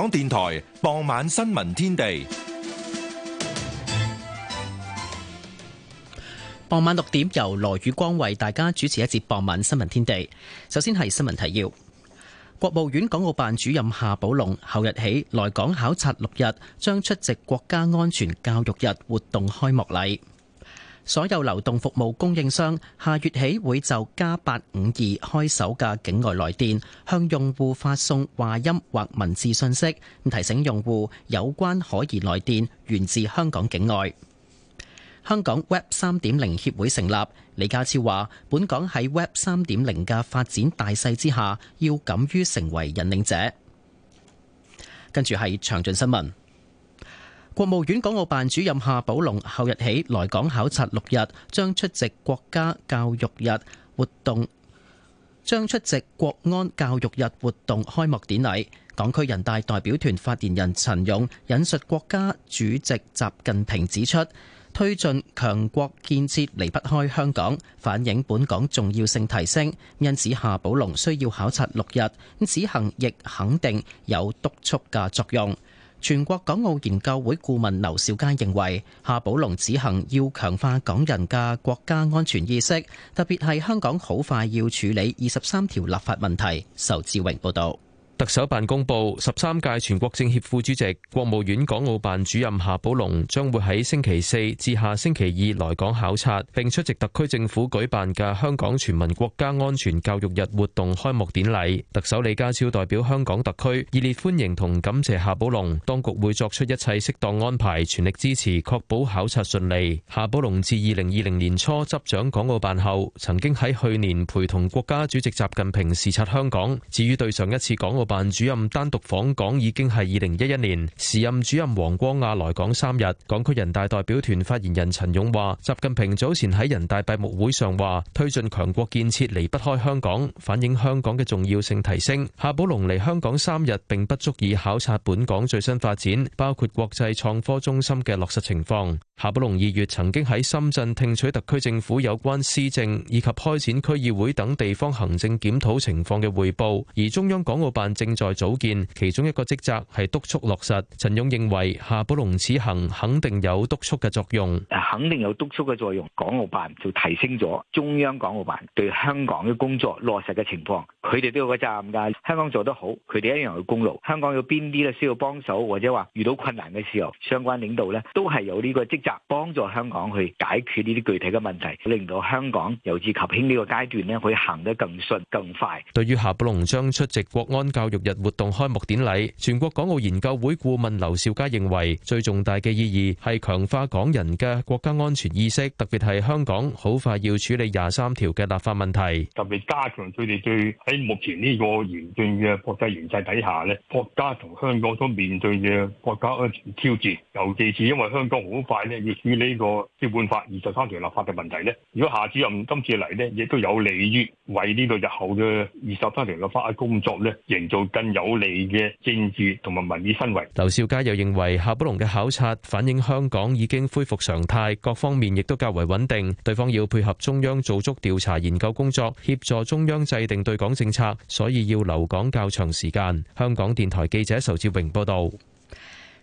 港電台傍晚新聞天地，傍晚六點由羅宇光為大家主持一節傍晚新聞天地。首先係新聞提要：國務院港澳辦主任夏寶龍後日起來港考察六日，將出席國家安全教育日活動開幕禮。所有流動服務供應商下月起會就加八五二開首嘅境外來電，向用戶發送話音或文字信息，提醒用戶有關可疑來電源自香港境外。香港 Web 三點零協會成立，李家超話：本港喺 Web 三點零嘅發展大勢之下，要敢於成為引領者。跟住係詳盡新聞。國務院港澳辦主任夏寶龍後日起來港考察六日，將出席國家教育日活動，將出席國安教育日活動開幕典禮。港區人大代表團發言人陳勇引述國家主席習近平指出，推進強國建設離不開香港，反映本港重要性提升。因此，夏寶龍需要考察六日，咁此行亦肯定有督促嘅作用。全國港澳研究會顧問劉兆佳認為，夏寶龍此行要強化港人嘅國家安全意識，特別係香港好快要處理二十三條立法問題。仇志榮報導。特首辦公佈，十三屆全國政協副主席、國務院港澳辦主任夏寶龍將會喺星期四至下星期二來港考察，並出席特區政府舉辦嘅香港全民國家安全教育日活動開幕典禮。特首李家超代表香港特區熱烈歡迎同感謝夏寶龍，當局會作出一切適當安排，全力支持，確保考察順利。夏寶龍自二零二零年初執掌港澳辦後，曾經喺去年陪同國家主席習近平視察香港。至於對上一次港澳，辦主任單獨訪港已經係二零一一年，時任主任王光亞來港三日。港區人大代表團發言人陳勇話，習近平早前喺人大閉幕會上話，推進強國建設離不開香港，反映香港嘅重要性提升。夏寶龍嚟香港三日並不足以考察本港最新發展，包括國際創科中心嘅落實情況。夏寶龍二月曾經喺深圳聽取特區政府有關施政以及開展區議會等地方行政檢討情況嘅匯報，而中央港澳辦正在組建，其中一個職責係督促落實。陳勇認為夏寶龍此行肯定有督促嘅作用，肯定有督促嘅作用。港澳辦就提升咗中央港澳辦對香港嘅工作落實嘅情況，佢哋都有個責任噶香港做得好，佢哋一樣有功勞；香港有邊啲咧需要幫手，或者話遇到困難嘅時候，相關領導咧都係有呢個職責幫助香港去解決呢啲具體嘅問題，令到香港由治及興呢個階段咧可以行得更順更快。對於夏寶龍將出席國安教翌日活動開幕典禮，全國港澳研究會顧問劉兆佳認為，最重大嘅意義係強化港人嘅國家安全意識，特別係香港好快要處理廿三條嘅立法問題，特別加強佢哋對喺目前呢個嚴峻嘅國際形勢底下咧，國家同香港所面對嘅國家安全挑戰，尤其是因為香港好快咧要處理呢個基本法二十三條立法嘅問題咧，如果夏主任今次嚟咧，亦都有利於為呢個日後嘅二十三條立法嘅工作咧，營造。更有利嘅政治同埋民意氛圍，劉少佳又認為夏寶龍嘅考察反映香港已經恢復常態，各方面亦都較為穩定。對方要配合中央做足調查研究工作，協助中央制定對港政策，所以要留港較長時間。香港電台記者仇志榮報道。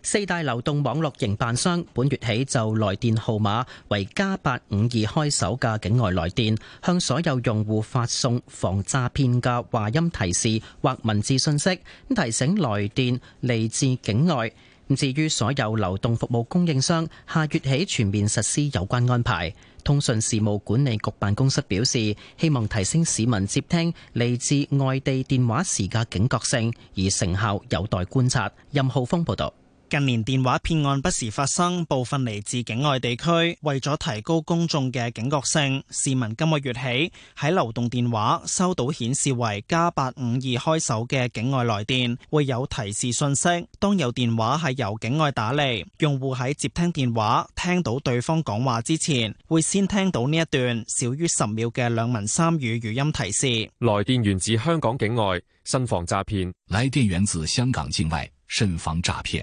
四大流動網絡營辦商本月起就來電號碼為加八五二開首嘅境外來電，向所有用戶發送防詐騙嘅話音提示或文字訊息，提醒來電嚟自境外。至於所有流動服務供應商，下月起全面實施有關安排。通訊事務管理局辦公室表示，希望提升市民接聽嚟自外地電話時嘅警覺性，而成效有待觀察。任浩峰報導。近年電話騙案不時發生，部分嚟自境外地區。為咗提高公眾嘅警覺性，市民今個月起喺流動電話收到顯示為加八五二開首嘅境外來電，會有提示信息。當有電話係由境外打嚟，用戶喺接聽電話聽到對方講話之前，會先聽到呢一段少於十秒嘅兩文三語語音提示。來電源自香港境外，慎防詐騙。來電源自香港境外，慎防詐騙。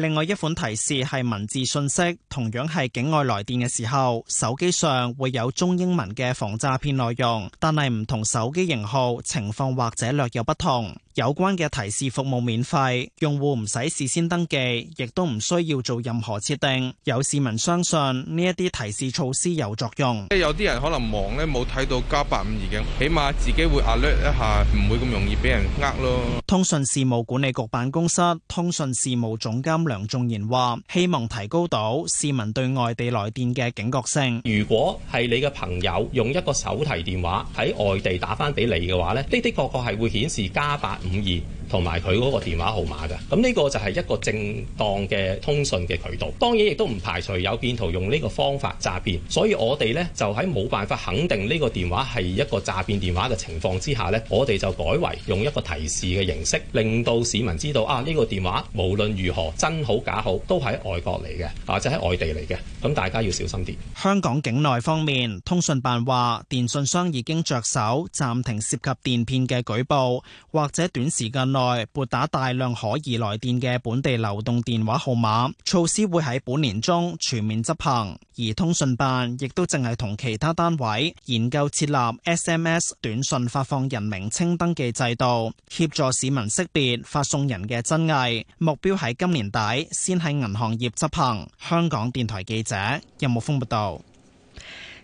另外一款提示係文字信息，同樣係境外來電嘅時候，手機上會有中英文嘅防詐騙內容，但係唔同手機型號情況或者略有不同。有關嘅提示服務免費，用戶唔使事先登記，亦都唔需要做任何設定。有市民相信呢一啲提示措施有作用，即有啲人可能忙呢冇睇到加八五二嘅，起碼自己會壓略一下，唔會咁容易俾人呃咯。通訊事務管理局辦公室通信事務總監梁仲賢話，希望提高到市民對外地來電嘅警覺性。如果係你嘅朋友用一個手提電話喺外地打翻俾你嘅話呢，的的確確係會顯示加八五二。同埋佢嗰個電話號碼㗎，咁呢個就係一個正當嘅通訊嘅渠道。當然亦都唔排除有騙徒用呢個方法詐騙，所以我哋咧就喺冇辦法肯定呢個電話係一個詐騙電話嘅情況之下咧，我哋就改為用一個提示嘅形式，令到市民知道啊呢個電話無論如何真好假好都係外國嚟嘅，或者喺外地嚟嘅，咁大家要小心啲。香港境內方面，通訊辦話電信商已經着手暫停涉及電騙嘅舉報或者短時間內，內撥打大量可疑來電嘅本地流動電話號碼措施會喺本年中全面執行，而通訊辦亦都淨係同其他單位研究設立 SMS 短信發放人名稱登記制度，協助市民識別發送人嘅真偽，目標喺今年底先喺銀行業執行。香港電台記者任木峰報道。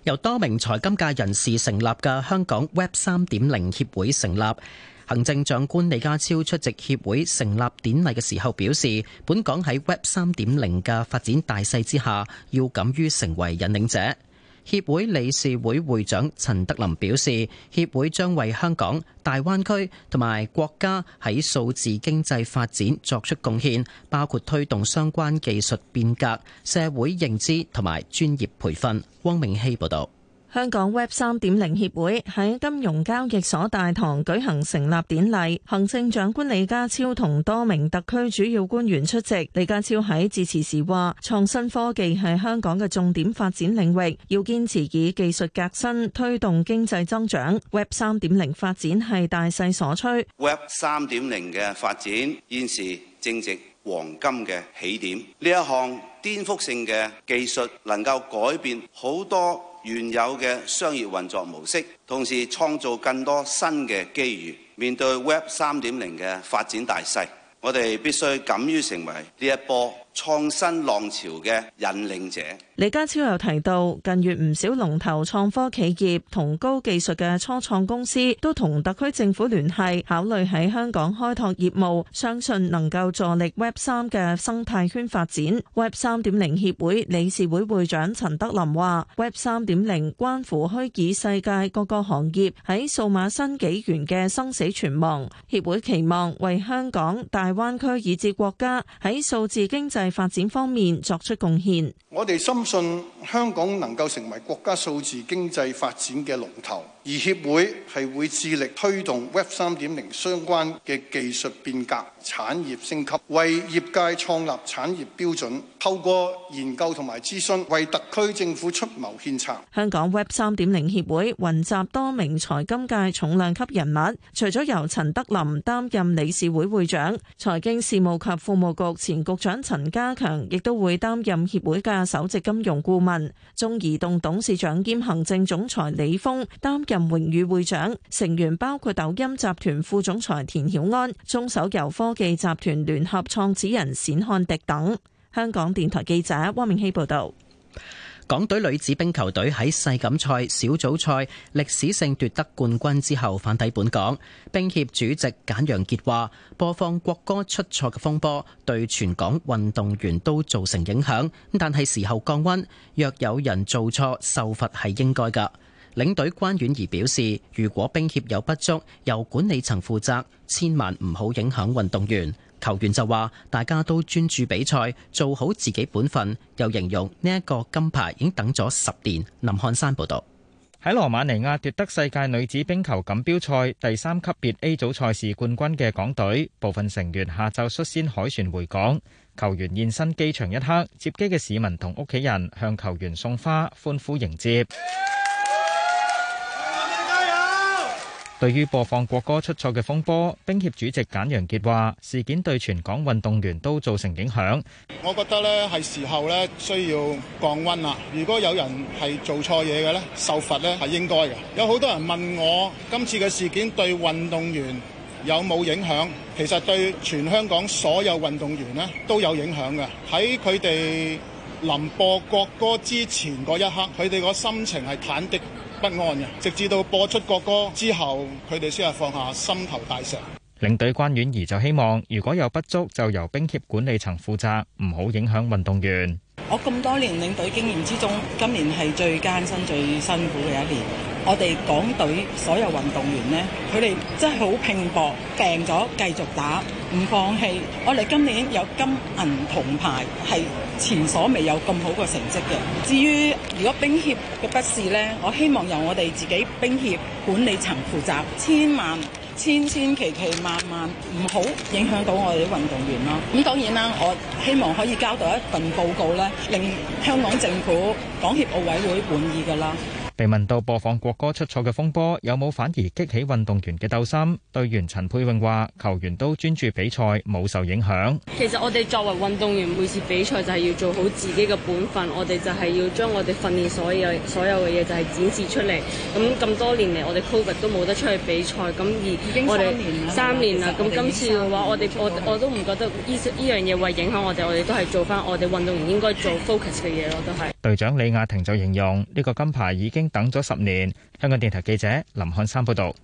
由多名財金界人士成立嘅香港 Web 三點零協會成立。行政長官李家超出席協會成立典禮嘅時候表示，本港喺 Web 3.0嘅發展大勢之下，要敢於成為引領者。協會理事會會長陳德霖表示，協會將為香港、大灣區同埋國家喺數字經濟發展作出貢獻，包括推動相關技術變革、社會認知同埋專業培訓。汪明希報導。香港 Web 三點零協會喺金融交易所大堂舉行成立典禮，行政長官李家超同多名特區主要官員出席。李家超喺致辭時話，創新科技係香港嘅重點發展領域，要堅持以技術革新推動經濟增長，Web 三點零發展係大勢所趨，Web 三點零嘅發展現時正值黃金嘅起點，呢一項顛覆性嘅技術能夠改變好多。原有嘅商業運作模式，同時創造更多新嘅機遇。面對 Web 三點零嘅發展大勢，我哋必須敢於成為呢一波創新浪潮嘅引領者李家超又提到，近月唔少龍頭創科企業同高技術嘅初創公司都同特區政府聯繫，考慮喺香港開拓業務，相信能夠助力 Web 三嘅生態圈發展。Web 三點零協會理事會會長陳德霖話，Web 三點零關乎虛擬世界各個行業喺數碼新紀元嘅生死存亡。協會期望為香港、大灣區以至國家喺數字經濟發展方面作出貢獻。我哋深信香港能夠成為國家數字經濟發展嘅龍頭。而協會係會致力推動 Web 三點零相關嘅技術變革、產業升級，為業界創立產業標準，透過研究同埋諮詢，為特區政府出謀獻策。香港 Web 三點零協會雲集多名財金界重量級人物，除咗由陳德霖擔任理事會會長，財經事務及庫務局前局長陳家強亦都會擔任協會嘅首席金融顧問。中移動董事長兼行政總裁李峰擔任任榮譽會長，成員包括抖音集團副總裁田曉安、中手游科技集團聯合創始人冼漢迪等。香港電台記者汪明熙報道：港隊女子冰球隊喺世錦賽小組賽歷史性奪得冠軍之後返抵本港，冰協主席簡陽杰話：播放國歌出錯嘅風波對全港運動員都造成影響，咁但係時候降温，若有人做錯，受罰係應該噶。領隊關婉儀表示，如果冰協有不足，由管理層負責，千萬唔好影響運動員。球員就話，大家都專注比賽，做好自己本分。又形容呢一個金牌已經等咗十年。林漢山報道喺羅馬尼亞奪得世界女子冰球錦標賽第三級別 A 組賽事冠軍嘅港隊，部分成員下晝率先凱旋回港。球員現身機場一刻，接機嘅市民同屋企人向球員送花，歡呼迎接。對於播放國歌出錯嘅風波，冰協主席簡陽傑話：事件對全港運動員都造成影響。我覺得咧，係時候咧需要降溫啦。如果有人係做錯嘢嘅咧，受罰咧係應該嘅。有好多人問我今次嘅事件對運動員有冇影響？其實對全香港所有運動員咧都有影響嘅。喺佢哋臨播國歌之前嗰一刻，佢哋個心情係忐忑。不安，直至到播出國歌之後，佢哋先係放下心頭大石。領隊關婉儀就希望，如果有不足，就由冰協管理層負責，唔好影響運動員。我咁多年領隊經驗之中，今年係最艱辛、最辛苦嘅一年。我哋港隊所有運動員呢，佢哋真係好拼搏，病咗繼續打。唔放棄，我哋今年有金銀銅牌，係前所未有咁好個成績嘅。至於如果兵協嘅不是呢，我希望由我哋自己兵協管理層負責，千萬千千祈祈萬萬唔好影響到我哋啲運動員啦。咁、嗯、當然啦，我希望可以交到一份報告呢，令香港政府、港協奧委會滿意噶啦。被問到播放國歌出錯嘅風波，有冇反而激起運動員嘅鬥心？隊員陳佩穎話球員都專注比賽冇受影響。其實我哋作為運動員，每次比賽就係要做好自己嘅本分，我哋就係要將我哋訓練所有所有嘅嘢就係展示出嚟。咁咁多年嚟，我哋 Covid 都冇得出去比賽，咁而我哋已經三年啦，咁今次嘅話我哋我，們我，們我都唔覺得呢呢樣嘢會影響我哋，我哋都係做翻我哋運動員應該做 focus 嘅嘢咯。都係隊長李亞婷就形容呢、這個金牌已經。等咗十年，香港電台記者林漢山報道。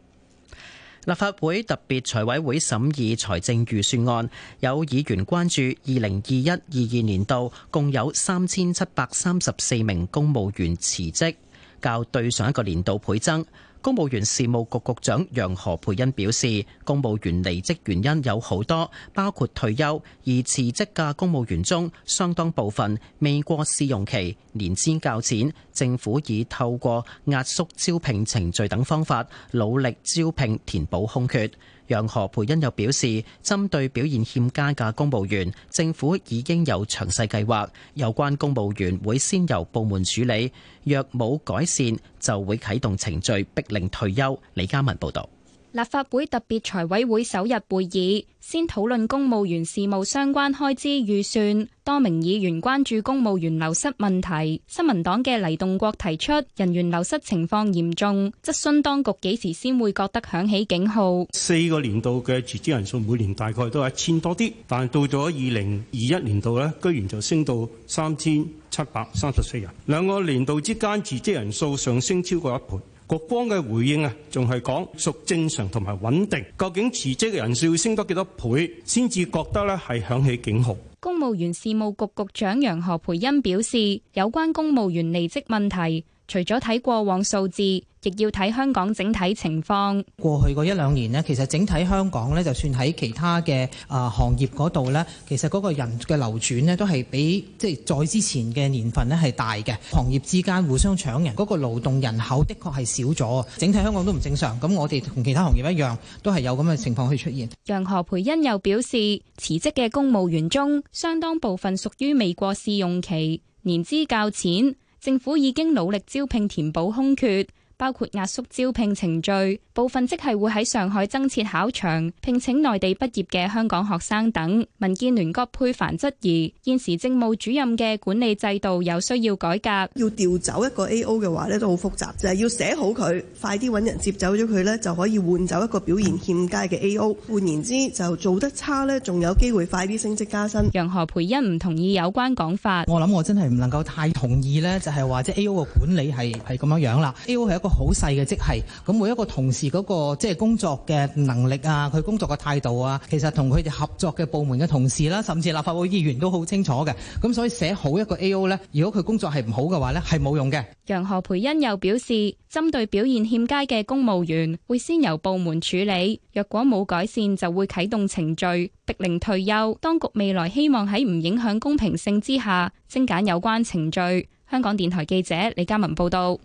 立法會特別財委會審議財政預算案，有議員關注二零二一、二二年度共有三千七百三十四名公務員辭職，較對上一個年度倍增。公務員事務局局長楊何蓓茵表示，公務員離職原因有好多，包括退休而辭職嘅公務員中，相當部分未過試用期，年資較淺，政府已透過壓縮招聘程序等方法，努力招聘填補空缺。楊何佩欣又表示，針對表現欠佳嘅公務員，政府已經有詳細計劃，有關公務員會先由部門處理，若冇改善就會啟動程序，逼令退休。李家文報導。立法會特別財委會首日會議，先討論公務員事務相關開支預算。多名議員關注公務員流失問題。新民黨嘅黎棟國提出，人員流失情況嚴重，質詢當局幾時先會覺得響起警號。四個年度嘅辭職人數每年大概都係一千多啲，但到咗二零二一年度咧，居然就升到三千七百三十四人。兩個年度之間辭職人數上升超過一倍。局方嘅回應啊，仲係講屬正常同埋穩定。究竟辭職嘅人數升多幾多倍，先至覺得咧係響起警號？公務員事務局局長楊何蓓茵表示，有關公務員離職問題。除咗睇過往數字，亦要睇香港整體情況。過去嗰一兩年咧，其實整體香港咧，就算喺其他嘅啊行業嗰度咧，其實嗰個人嘅流轉咧，都係比即係再之前嘅年份咧係大嘅。行業之間互相搶人，嗰個勞動人口的確，係少咗，整體香港都唔正常。咁我哋同其他行業一樣，都係有咁嘅情況去出現。楊何培恩又表示，辭職嘅公務員中，相當部分屬於未過試用期，年資較淺。政府已經努力招聘填補空缺。包括壓縮招聘程序，部分即係會喺上海增設考場，聘請內地畢業嘅香港學生等。民建聯葛珮帆質疑現時政務主任嘅管理制度有需要改革。要調走一個 A O 嘅話咧，都好複雜，就係、是、要寫好佢，快啲揾人接走咗佢咧，就可以換走一個表現欠佳嘅 A O。換言之，就做得差咧，仲有機會快啲升職加薪。楊何蓓茵唔同意有關講法。我諗我真係唔能夠太同意咧，就係話即 A O 嘅管理係係咁樣樣啦。A O 係一個。好細嘅即係，咁每一個同事嗰個即係工作嘅能力啊，佢工作嘅態度啊，其實同佢哋合作嘅部門嘅同事啦，甚至立法會議員都好清楚嘅。咁所以寫好一個 A.O. 呢，如果佢工作係唔好嘅話呢，係冇用嘅。楊何培恩又表示，針對表現欠佳嘅公務員，會先由部門處理，若果冇改善就會啟動程序，逼令退休。當局未來希望喺唔影響公平性之下精簡有關程序。香港電台記者李嘉文報道。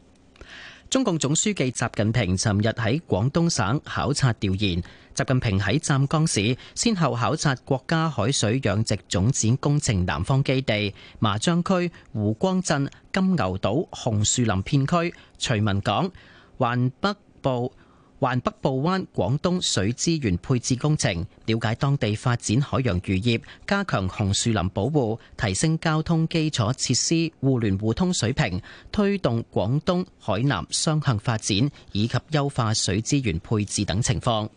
中共總書記習近平尋日喺廣東省考察調研。習近平喺湛江市先後考察國家海水養殖總展工程南方基地、麻章區湖光鎮金牛島紅樹林片區、徐聞港、環北部環北部灣廣東水資源配置工程，了解當地發展海洋漁業、加強紅樹林保護、提升交通基礎設施、互聯互通水平，推動廣東、海南雙向發展，以及優化水資源配置等情況。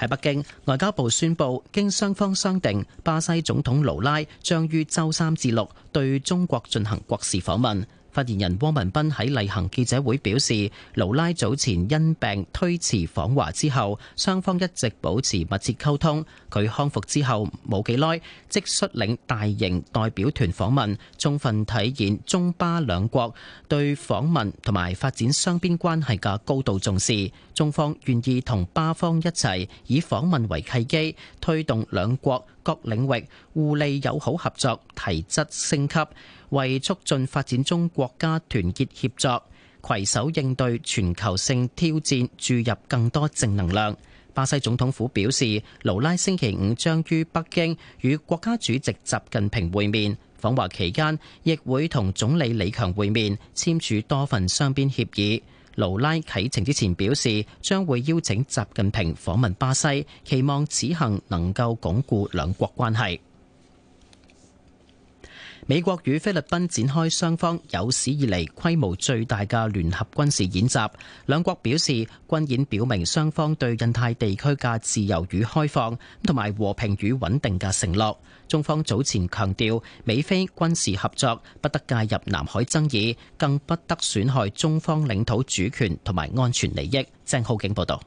喺北京，外交部宣布，經雙方商定，巴西總統盧拉將於周三至六對中國進行國事訪問。發言人汪文斌喺例行記者會表示，盧拉早前因病推遲訪華之後，雙方一直保持密切溝通。佢康復之後冇幾耐，即率領大型代表團訪問，充分體現中巴兩國對訪問同埋發展雙邊關係嘅高度重視。中方願意同巴方一齊，以訪問為契機，推動兩國各領域互利友好合作，提質升級。為促進發展中國家團結協作，攜手應對全球性挑戰，注入更多正能量。巴西總統府表示，盧拉星期五將於北京與國家主席習近平會面。訪華期間，亦會同總理李強會面，簽署多份雙邊協議。盧拉啟程之前表示，將會邀請習近平訪問巴西，期望此行能夠鞏固兩國關係。美國與菲律賓展開雙方有史以嚟規模最大嘅聯合軍事演習，兩國表示軍演表明雙方對印太地區嘅自由與開放，同埋和平與穩定嘅承諾。中方早前強調，美菲軍事合作不得介入南海爭議，更不得損害中方領土主權同埋安全利益。鄭浩景報導。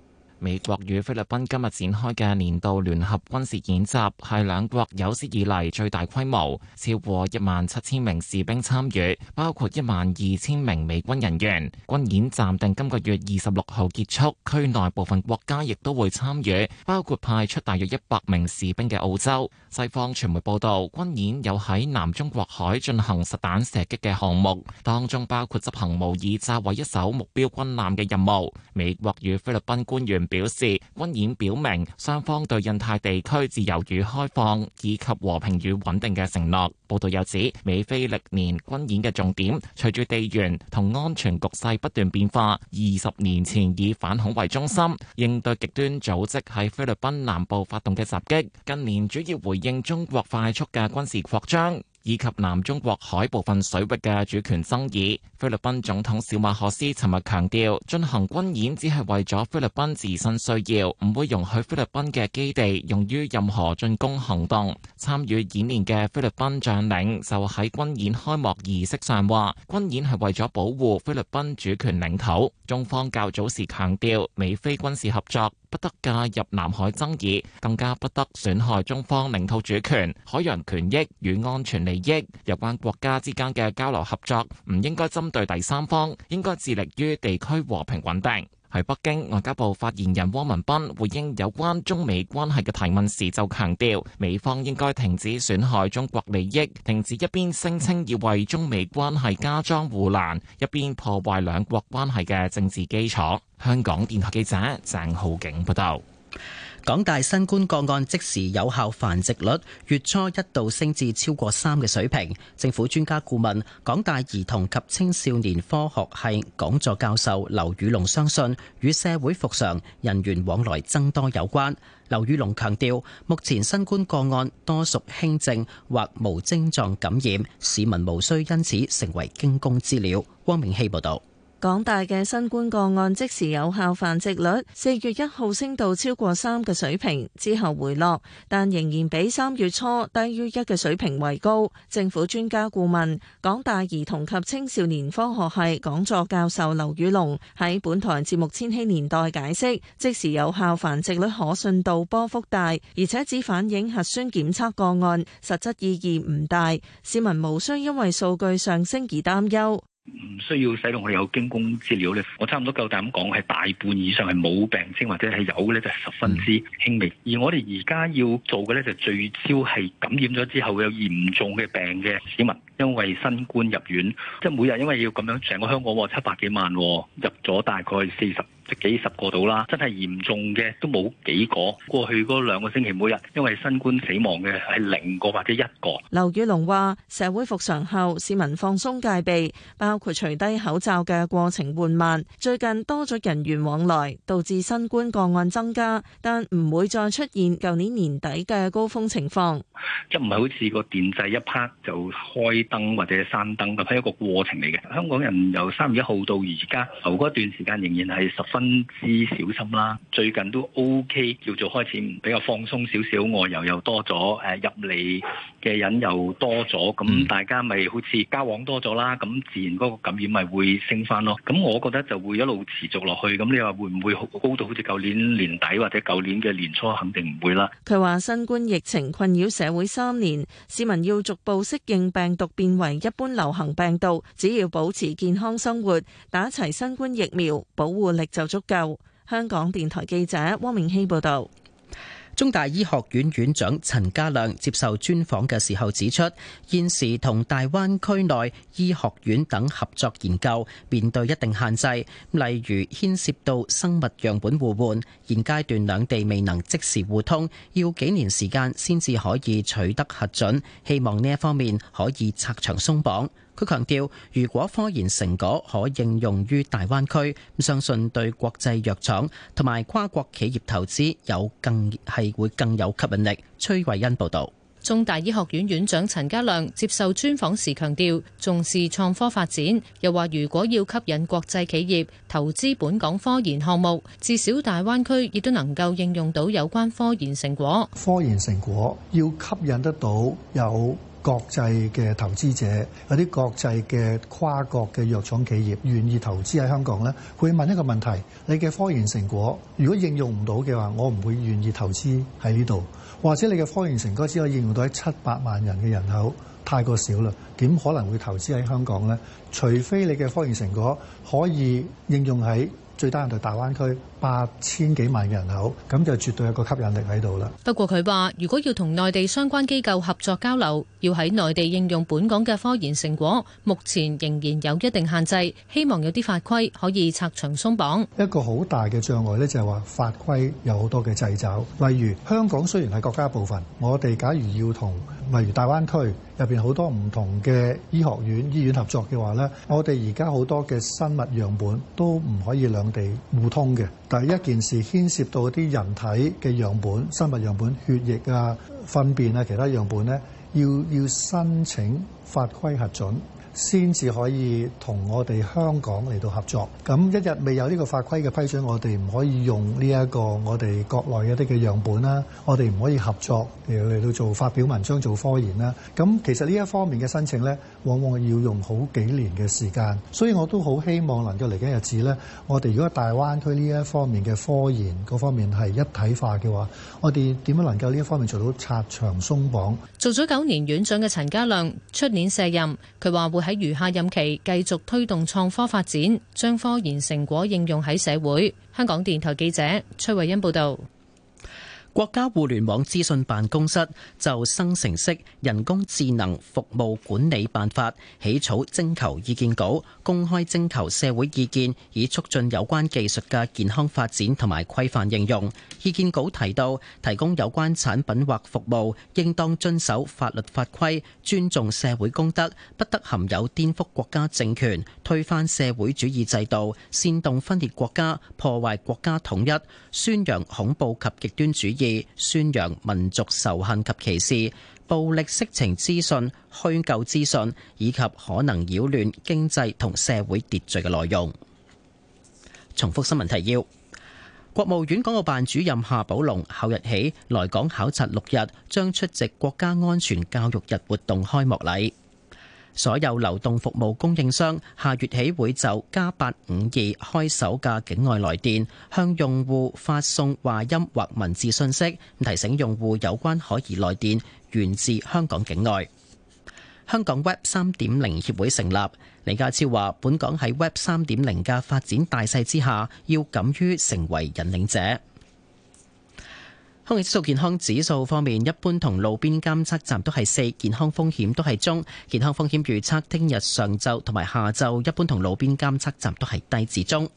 美國與菲律賓今日展開嘅年度聯合軍事演習係兩國有史以來最大規模，超過一萬七千名士兵參與，包括一萬二千名美軍人員。軍演暫定今個月二十六號結束，區內部分國家亦都會參與，包括派出大約一百名士兵嘅澳洲。西方傳媒報導，軍演有喺南中國海進行實彈射擊嘅項目，當中包括執行無意炸毀一艘目標軍艦嘅任務。美國與菲律賓官員，表示軍演表明雙方對印太地區自由與開放以及和平與穩定嘅承諾。報道又指，美菲歷年軍演嘅重點隨住地緣同安全局勢不斷變化。二十年前以反恐為中心，應對極端組織喺菲律賓南部發動嘅襲擊，近年主要回應中國快速嘅軍事擴張，以及南中國海部分水域嘅主權爭議，菲律賓總統小馬可斯尋日強調，進行軍演只係為咗菲律賓自身需要，唔會容許菲律賓嘅基地用於任何進攻行動。參與演練嘅菲律賓將領就喺軍演開幕儀式上話，軍演係為咗保護菲律賓主權領土。中方較早時強調美菲軍事合作，不得介入南海爭議，更加不得損害中方領土主權、海洋權益與安全利益。有關國家之間嘅交流合作，唔應該針對第三方，應該致力於地區和平穩定。喺北京，外交部發言人汪文斌回應有關中美關係嘅提問時就，就強調美方應該停止損害中國利益，停止一邊聲稱要為中美關係加裝護欄，一邊破壞兩國關係嘅政治基礎。香港電台記者鄭浩景報道。港大新冠個案即時有效繁殖率月初一度升至超過三嘅水平。政府專家顧問港大兒童及青少年科學系講座教授劉宇龍相信，與社會復常、人員往來增多有關。劉宇龍強調目前新冠個案多屬輕症或無症狀感染，市民無需因此成為驚弓之鳥。汪明希報道。港大嘅新冠個案即時有效繁殖率四月一號升到超過三嘅水平之後回落，但仍然比三月初低於一嘅水平為高。政府專家顧問港大兒童及青少年科學系講座教授劉宇龍喺本台節目《千禧年代》解釋，即時有效繁殖率可信度波幅大，而且只反映核酸檢測個案，實質意義唔大，市民無需因為數據上升而擔憂。唔需要使到我哋有經公資料咧，我差唔多夠膽講，係大半以上係冇病徵或者係有咧，就十分之輕微。嗯、而我哋而家要做嘅咧，就聚焦係感染咗之後有嚴重嘅病嘅市民，因為新冠入院，即係每日因為要咁樣，成個香港七百幾萬入咗大概四十。幾十個到啦，真係嚴重嘅都冇幾個。過去嗰兩個星期每日，因為新冠死亡嘅係零個或者一個。劉宇龍話，社會復常後，市民放鬆戒備，包括除低口罩嘅過程緩慢。最近多咗人員往來，導致新冠個案增加，但唔會再出現舊年年底嘅高峰情況。即係唔係好似個電掣一拍就開燈或者閂燈，係、就是、一個過程嚟嘅。香港人由三月一號到而家頭嗰段時間，仍然係十分。分之小心啦，最近都 O K，叫做開始比較放鬆少少，外遊又多咗，誒入嚟嘅人又多咗，咁大家咪好似交往多咗啦，咁自然嗰個感染咪會升翻咯。咁我覺得就會一路持續落去，咁你話會唔會好高到好似舊年年底或者舊年嘅年初，肯定唔會啦。佢話新冠疫情困擾社會三年，市民要逐步適應病毒變為一般流行病毒，只要保持健康生活，打齊新冠疫苗，保護力就。足夠。香港電台記者汪明希報道，中大醫學院院長陳家亮接受專訪嘅時候指出，現時同大灣區內醫學院等合作研究，面對一定限制，例如牽涉到生物樣本互換，現階段兩地未能即時互通，要幾年時間先至可以取得核准。希望呢一方面可以拆牆鬆綁。佢強調，如果科研成果可應用於大灣區，相信對國際藥廠同埋跨國企業投資有更係會更有吸引力。崔慧欣報導，中大醫學院院長陳家亮接受專訪時強調，重視創科發展，又話如果要吸引國際企業投資本港科研項目，至少大灣區亦都能夠應用到有關科研成果。科研成果要吸引得到有。國際嘅投資者，有啲國際嘅跨國嘅藥廠企業願意投資喺香港呢，會問一個問題：你嘅科研成果如果應用唔到嘅話，我唔會願意投資喺呢度；或者你嘅科研成果只可以應用到喺七百萬人嘅人口，太過少啦，點可能會投資喺香港呢？除非你嘅科研成果可以應用喺。最吸引就係大灣區八千幾萬人口，咁就絕對有個吸引力喺度啦。不過佢話，如果要同內地相關機構合作交流，要喺內地應用本港嘅科研成果，目前仍然有一定限制。希望有啲法規可以拆牆鬆綁。一個好大嘅障礙呢，就係話法規有好多嘅掣肘。例如香港雖然係國家部分，我哋假如要同，例如大灣區。入邊好多唔同嘅醫學院、醫院合作嘅話呢，我哋而家好多嘅生物樣本都唔可以兩地互通嘅。第一件事牽涉到啲人體嘅樣本、生物樣本、血液啊、糞便啊、其他樣本呢，要要申請法規核准。先至可以同我哋香港嚟到合作。咁一日未有呢個法規嘅批准，我哋唔可以用呢一個我哋國內一啲嘅樣本啦。我哋唔可以合作嚟到做發表文章、做科研啦。咁其實呢一方面嘅申請咧，往往要用好幾年嘅時間，所以我都好希望能夠嚟緊日子咧，我哋如果大灣區呢一方面嘅科研嗰方面係一體化嘅話，我哋點樣能夠呢一方面做到拆牆鬆綁？做咗九年院長嘅陳家亮出年卸任，佢話會。喺餘下任期，繼續推動創科發展，將科研成果應用喺社會。香港電台記者崔慧欣報道。國家互聯網資訊辦公室就《生成式人工智能服務管理辦法》起草徵求意見稿，公開徵求社會意見，以促進有關技術嘅健康發展同埋規範應用。意見稿提到，提供有關產品或服務，應當遵守法律法規，尊重社會公德，不得含有顛覆國家政權、推翻社會主義制度、煽動分裂國家、破壞國家統一、宣揚恐怖及極端主義、宣揚民族仇恨及歧視、暴力色情資訊、虛構資訊，以及可能擾亂經濟同社會秩序嘅內容。重複新聞提要。國務院港澳辦主任夏寶龍後日起來港考察六日，將出席國家安全教育日活動開幕禮。所有流動服務供應商下月起會就加八五二開首嘅境外來電，向用戶發送話音或文字信息，提醒用戶有關可疑來電源自香港境外。香港 Web 三點零協會成立，李家超話：本港喺 Web 三點零嘅發展大勢之下，要敢於成為引領者。空氣指數健康指數方面，一般同路邊監測站都係四，健康風險都係中。健康風險預測，聽日上晝同埋下晝一般同路邊監測站都係低至中。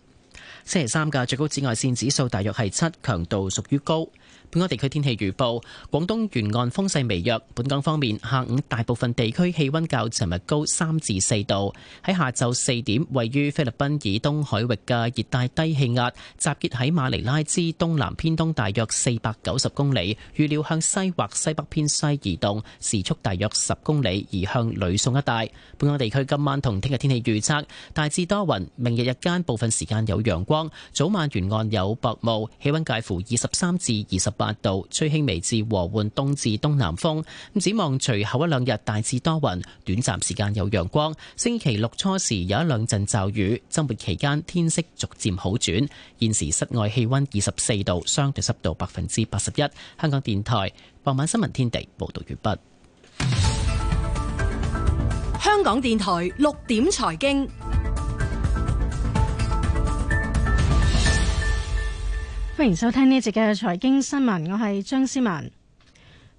星期三嘅最高紫外線指數大約係七，強度屬於高。本港地區天氣預報廣東沿岸風勢微弱。本港方面，下午大部分地區氣温較尋日高三至四度。喺下晝四點位於菲律賓以東海域嘅熱帶低氣壓集結喺馬尼拉之東南偏東大約四百九十公里，預料向西或西北偏西移動，時速大約十公里，移向呂宋一帶。本港地區今晚同聽日天氣預測大致多雲，明日日間部分時間有陽光，早晚沿岸有薄霧，氣温介乎二十三至二十。八度，吹輕微至和緩東至東南風。咁展望隨後一兩日大致多雲，短暫時間有陽光。星期六初時有一兩陣驟雨，周末期間天色逐漸好轉。現時室外氣溫二十四度，相對濕度百分之八十一。香港電台傍晚新聞天地報道完畢。香港電台六點財經。歡迎收聽呢集嘅財經新聞，我係張思文。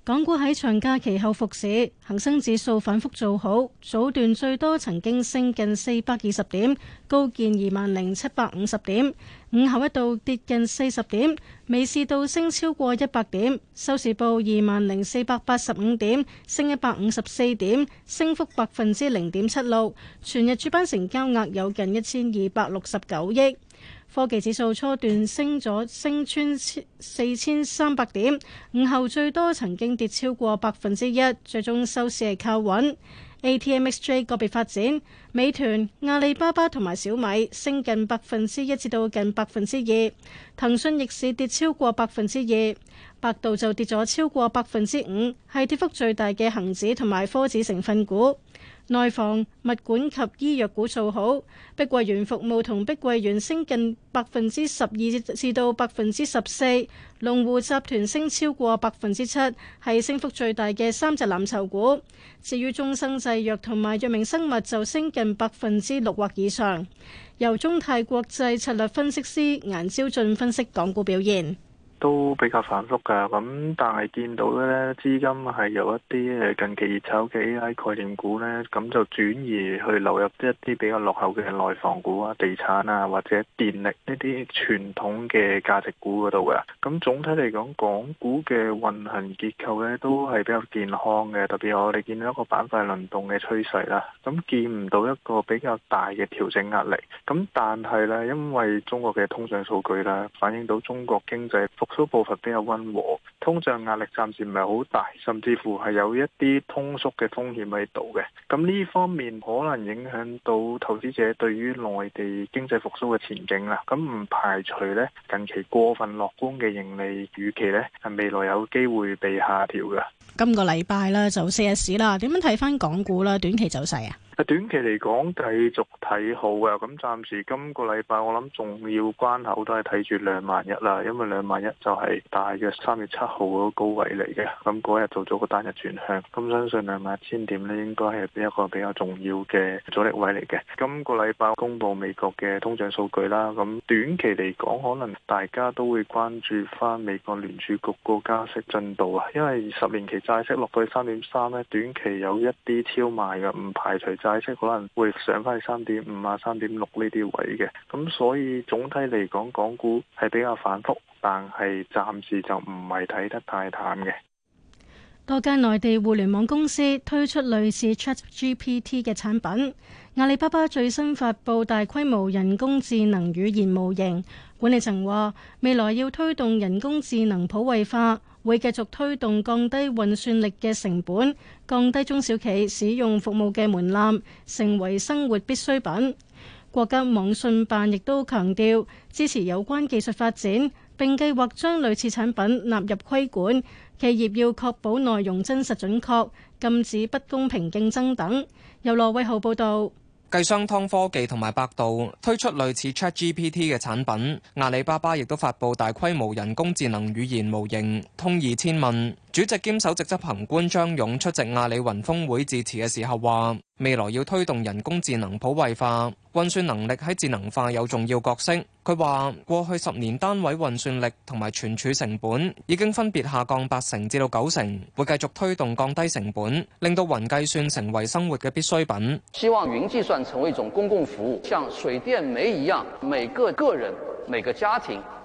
港股喺長假期後復市，恒生指數反覆做好，早段最多曾經升近四百二十點，高見二萬零七百五十點。午後一度跌近四十點，未試到升超過一百點。收市報二萬零四百八十五點，升一百五十四點，升幅百分之零點七六。全日主板成交額有近一千二百六十九億。科技指數初段升咗，升穿千四千三百點，午後最多曾經跌超過百分之一，最終收市係靠穩。ATM XJ 個別發展，美團、阿里巴巴同埋小米升近百分之一至到近百分之二，騰訊逆市跌超過百分之二，百度就跌咗超過百分之五，係跌幅最大嘅恒指同埋科指成分股。內房、物管及醫藥股造好，碧桂園服務同碧桂園升近百分之十二至到百分之十四，龍湖集團升超過百分之七，係升幅最大嘅三隻藍籌股。至於中生製藥同埋藥明生物就升近百分之六或以上。由中泰國際策略分析師顏朝俊分析港股表現。都比較反覆㗎，咁但係見到咧資金係由一啲誒近期熱炒嘅 AI 概念股咧，咁就轉移去流入一啲比較落後嘅內房股啊、地產啊或者電力呢啲傳統嘅價值股嗰度㗎。咁總體嚟講，港股嘅運行結構咧都係比較健康嘅，特別我哋見到一個板塊輪動嘅趨勢啦。咁見唔到一個比較大嘅調整壓力。咁但係咧，因為中國嘅通脹數據啦，反映到中國經濟。復蘇步伐比較温和，通脹壓力暫時唔係好大，甚至乎係有一啲通縮嘅風險喺度嘅。咁呢方面可能影響到投資者對於內地經濟復蘇嘅前景啦。咁唔排除咧，近期過分樂觀嘅盈利預期咧，係未來有機會被下調㗎。今個禮拜咧就四日市啦，點樣睇返港股咧？短期走勢啊？短期嚟講繼續睇好嘅，咁暫時今個禮拜我諗重要關口都係睇住兩萬一啦，因為兩萬一就係大約三月七號嗰個高位嚟嘅，咁嗰日做咗個單日轉向，咁相信兩萬一千點呢應該係一個比較重要嘅阻力位嚟嘅。今個禮拜公布美國嘅通脹數據啦，咁短期嚟講可能大家都會關注翻美國聯儲局個加息進度啊，因為十年期債息落去三點三咧，短期有一啲超賣嘅，唔排除。解釋可能會上翻去三點五啊、三點六呢啲位嘅，咁所以總體嚟講，港股係比較反覆，但係暫時就唔係睇得太淡嘅。多間內地互聯網公司推出類似 ChatGPT 嘅產品。阿里巴巴最新發布大規模人工智能語言模型，管理層話未來要推動人工智能普惠化，會繼續推動降低運算力嘅成本，降低中小企使用服務嘅門檻，成為生活必需品。國家網信辦亦都強調支持有關技術發展，並計劃將類似產品納入規管。企業要確保內容真實準確，禁止不公平競爭等。由羅偉豪報道。繼商湯科技同埋百度推出類似 ChatGPT 嘅產品，阿里巴巴亦都發布大規模人工智能語言模型通義千問。主席兼首席執行官張勇出席阿里雲峰會致辭嘅時候話，未來要推動人工智能普惠化，運算能力喺智能化有重要角色。佢話過去十年單位運算力同埋存儲成本已經分別下降八成至到九成，會繼續推動降低成本，令到雲計算成為生活嘅必需品。希望雲計算成為一種公共服務，像水電煤一樣，每個個人、每個家庭。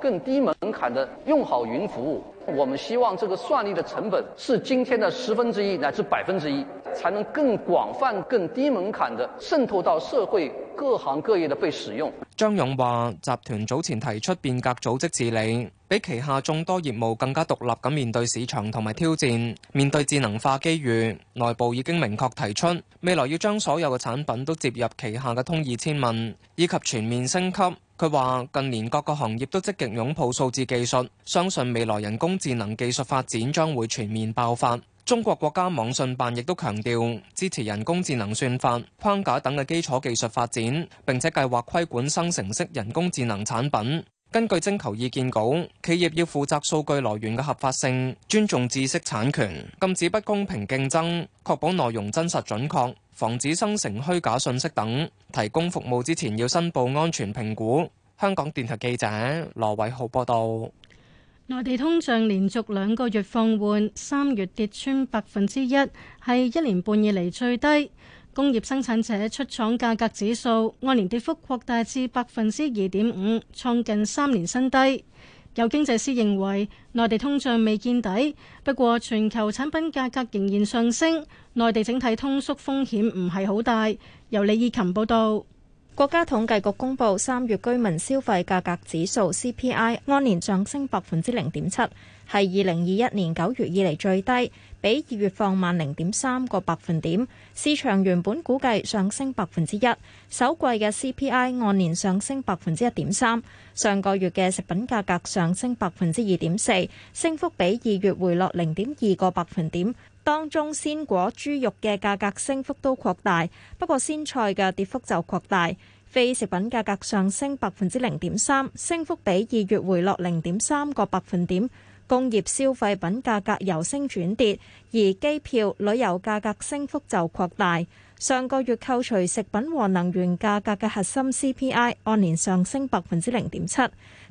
更低門檻的用好雲服務，我們希望這個算力的成本是今天的十分之一乃至百分之一，才能更廣泛、更低門檻的滲透到社會各行各業的被使用。張勇話：集團早前提出變革組織治理，比旗下眾多業務更加獨立咁面對市場同埋挑戰，面對智能化機遇，內部已經明確提出未來要將所有嘅產品都接入旗下嘅通義千問，以及全面升級。佢話：近年各個行業都積極擁抱數字技術，相信未來人工智能技術發展將會全面爆發。中國國家網信辦亦都強調支持人工智能算法、框架等嘅基礎技術發展，並且計劃規管生成式人工智能產品。根據徵求意見稿，企業要負責數據來源嘅合法性，尊重知識產權，禁止不公平競爭，確保內容真實準確。防止生成虛假信息等，提供服務之前要申報安全評估。香港電台記者羅偉浩報道。內地通脹連續兩個月放緩，三月跌穿百分之一，係一年半以嚟最低。工業生產者出廠價格指數按年跌幅擴大至百分之二點五，創近三年新低。有經濟師認為，內地通脹未見底，不過全球產品價格仍然上升，內地整體通縮風險唔係好大。由李義琴報導，國家統計局公布三月居民消費價格指數 CPI 按年上升百分之零點七，係二零二一年九月以嚟最低。比二月放慢零點三個百分點，市場原本估計上升百分之一。首季嘅 CPI 按年上升百分之一點三，上個月嘅食品價格上升百分之二點四，升幅比二月回落零點二個百分點。當中鮮果、豬肉嘅價格升幅都擴大，不過鮮菜嘅跌幅就擴大。非食品價格上升百分之零點三，升幅比二月回落零點三個百分點。工業消費品價格由升轉跌，而機票旅遊價格升幅就擴大。上個月扣除食品和能源價格嘅核心 CPI 按年上升百分之零點七。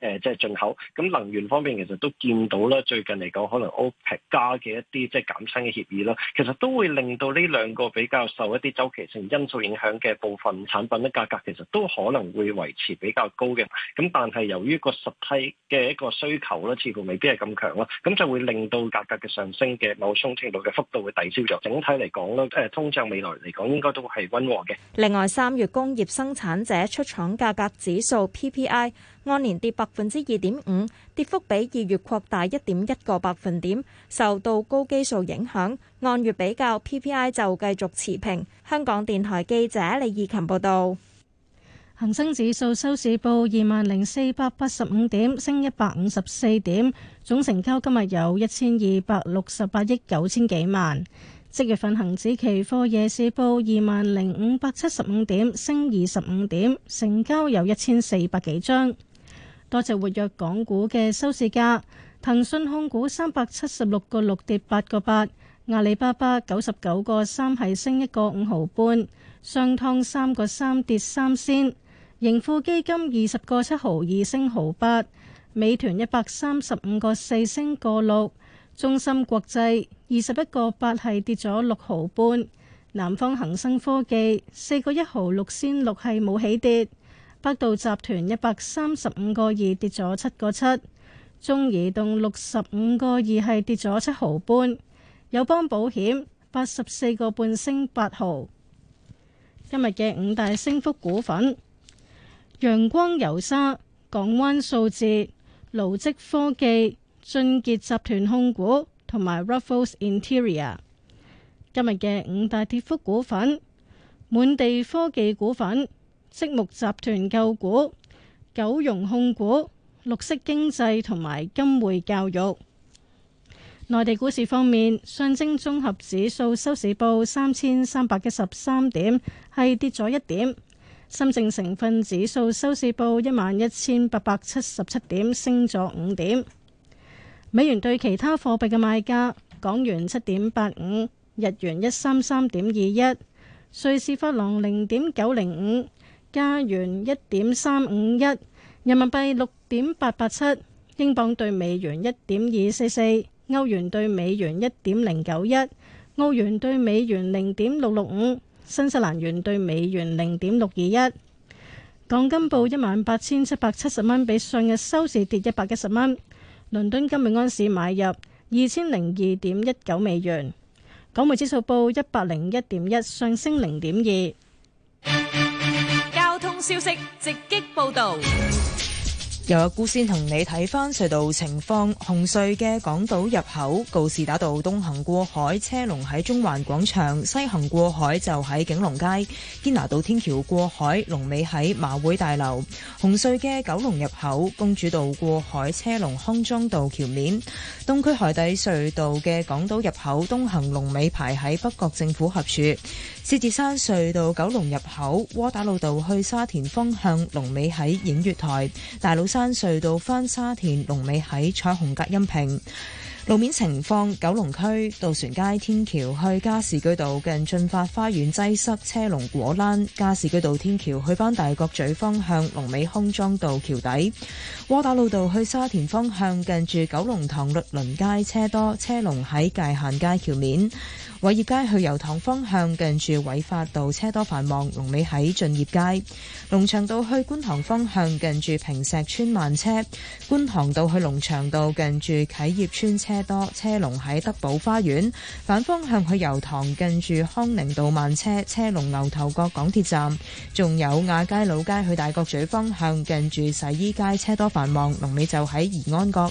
誒，即係進口咁能源方面，其實都見到啦。最近嚟講，可能 OPEC 加嘅一啲即係減產嘅協議啦，其實都會令到呢兩個比較受一啲周期性因素影響嘅部分產品咧，價格其實都可能會維持比較高嘅。咁但係由於個實體嘅一個需求咧，似乎未必係咁強啦，咁就會令到價格嘅上升嘅某種程度嘅幅度會抵消咗。整體嚟講咧，誒通脹未來嚟講應該都係溫和嘅。另外，三月工業生產者出廠價格指數 PPI。按年跌百分之二點五，跌幅比二月擴大一點一個百分點，受到高基數影響，按月比較 PPI 就繼續持平。香港電台記者李義琴報道。恒生指數收市報二萬零四百八十五點升一百五十四點，總成交今日有一千二百六十八億九千幾萬，即月份恒指期貨夜市報二萬零五百七十五點升二十五點，成交有一千四百幾張。多隻活躍港股嘅收市價，騰訊控股三百七十六個六跌八個八，阿里巴巴九十九個三係升一個五毫半，上湯三個三跌三仙，盈富基金二十個七毫二升毫八，美團一百三十五個四升個六，中芯國際二十一個八係跌咗六毫半，南方恆生科技四個一毫六仙六係冇起跌。百度集團一百三十五個二跌咗七個七，中移動六十五個二係跌咗七毫半，友邦保險八十四個半升八毫。今日嘅五大升幅股份：陽光油砂、港灣數字、勞積科技、俊傑集團控股同埋 Raffles Interior。今日嘅五大跌幅股份：滿地科技股份。積木集團舊股、九融控股、綠色經濟同埋金匯教育。內地股市方面，上證綜合指數收市報三千三百一十三點，係跌咗一點；深證成分指數收市報一萬一千八百七十七點，升咗五點。美元對其他貨幣嘅賣價：港元七點八五，日元一三三點二一，瑞士法郎零點九零五。加元一點三五一，人民幣六點八八七，英鎊兌美元一點二四四，歐元兌美元一點零九一，澳元兌美元零點六六五，新西蘭元兌美元零點六二一。港金報一萬八千七百七十蚊，比上日收市跌一百一十蚊。倫敦金每安士買入二千零二點一九美元。港匯指數報一百零一點一，上升零點二。消息直擊報道，由阿姑先同你睇返隧道情況。紅隧嘅港島入口告士打道東行過海車龍喺中環廣場，西行過海就喺景隆街。堅拿道天橋過海龍尾喺馬會大樓。紅隧嘅九龍入口公主道過海車龍康莊道橋面，東區海底隧道嘅港島入口東行龍尾排喺北角政府合署。獅子山隧道九龍入口窩打老道去沙田方向龍尾喺映月台。大老山隧道翻沙田龍尾喺彩虹隔音屏。路面情況：九龍區渡船街天橋去加士居道近駿發花園擠塞車龍果欄，加士居道天橋去翻大角咀方向龍尾康莊道橋底，窩打老道去沙田方向近住九龍塘律倫街，車多車龍喺界限街橋面。偉業街去油塘方向近住偉發道，車多繁忙，龍尾喺駿業街。龍翔道去觀塘方向近住平石邨，慢車。觀塘道去龍翔道近住啟業邨，車多，車龍喺德寶花園。反方向去油塘近住康寧道，慢車，車龍牛頭角港鐵站。仲有亞皆老街去大角咀方向近住洗衣街，車多繁忙，龍尾就喺怡安閣。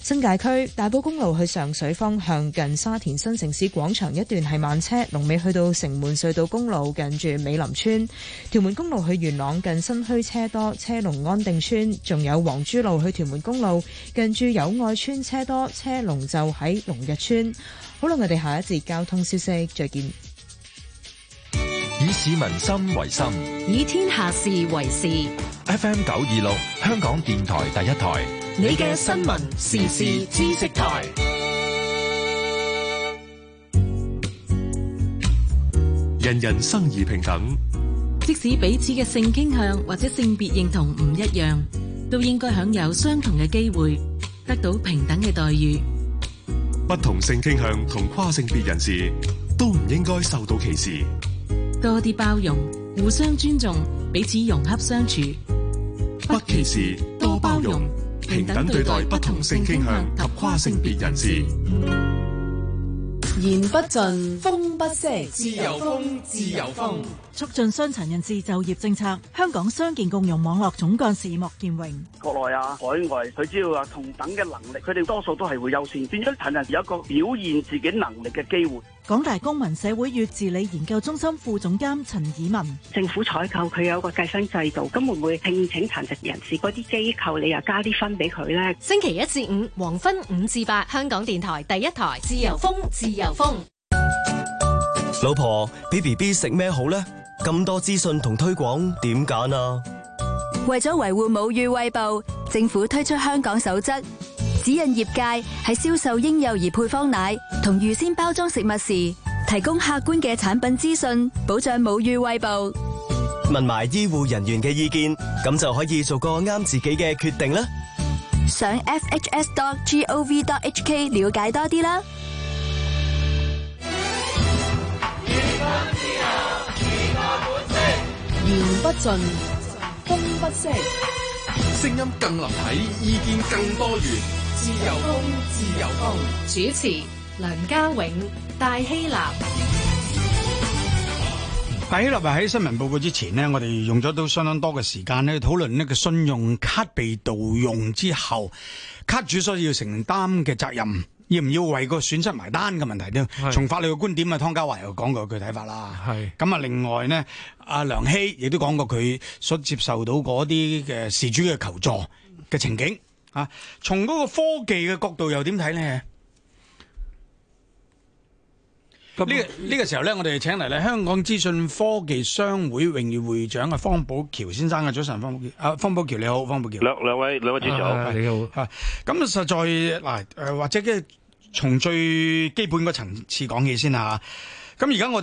新界區大埔公路去上水方向近沙田新城市廣場一。一段係慢車，龍尾去到城門隧道公路近住美林村；屯門公路去元朗近新墟車多，車龍安定村；仲有黃珠路去屯門公路近住友愛村車多，車龍就喺龍日村。好啦，我哋下一節交通消息再見。以市民心為心，以天下事為事。FM 九二六，香港電台第一台，你嘅新聞時事知識台。人人生而平等，即使彼此嘅性傾向或者性別認同唔一樣，都應該享有相同嘅機會，得到平等嘅待遇。不同性傾向同跨性別人士都唔應該受到歧視。多啲包容，互相尊重，彼此融洽相處，不歧視，多包容，平等對待不同性傾向及跨性別人士。言不盡風。自由風，自由風。促進傷殘人士就業政策，香港傷健共融網絡總幹事莫建榮。國內啊，海外，佢只要話同等嘅能力，佢哋多數都係會優先，變咗殘人有一個表現自己能力嘅機會。港大公民社會與治理研究中心副總監陳以文。政府採購佢有個計分制度，咁會唔會聘請殘疾人士？嗰啲機構你又加啲分俾佢呢？星期一至五黃昏五至八，香港電台第一台，自由風，自由風。老婆，俾 B B 食咩好呢？咁多資訊同推廣，點揀啊？為咗維護母乳餵哺，政府推出香港守則，指引業界喺銷售嬰幼兒配方奶同預先包裝食物時，提供客觀嘅產品資訊，保障母乳餵哺。問埋醫護人員嘅意見，咁就可以做個啱自己嘅決定啦。上 fhs.gov.hk 了解多啲啦。言不盡，風不息，聲音更立體，意見更多元，自由風，自由風。主持：梁家永，戴希立。戴希立啊，喺新聞報告之前呢，我哋用咗都相當多嘅時間咧，討論呢個信用卡被盜用之後，卡主需要承擔嘅責任。要唔要為個損失埋單嘅問題咧？從法律嘅觀點，阿湯家驊又講過佢睇法啦。係咁啊！另外咧，阿梁希亦都講過佢所接受到嗰啲嘅事主嘅求助嘅情景啊。從嗰個科技嘅角度又點睇咧？呢呢個時候咧，我哋請嚟咧香港資訊科技商會榮譽會長啊，方保僑先生啊，早晨，方保僑啊，方保僑你好，方保僑兩兩位兩位主持好，你好。咁實在嗱，或者嘅。從最基本個層次講起先吓，咁而家我。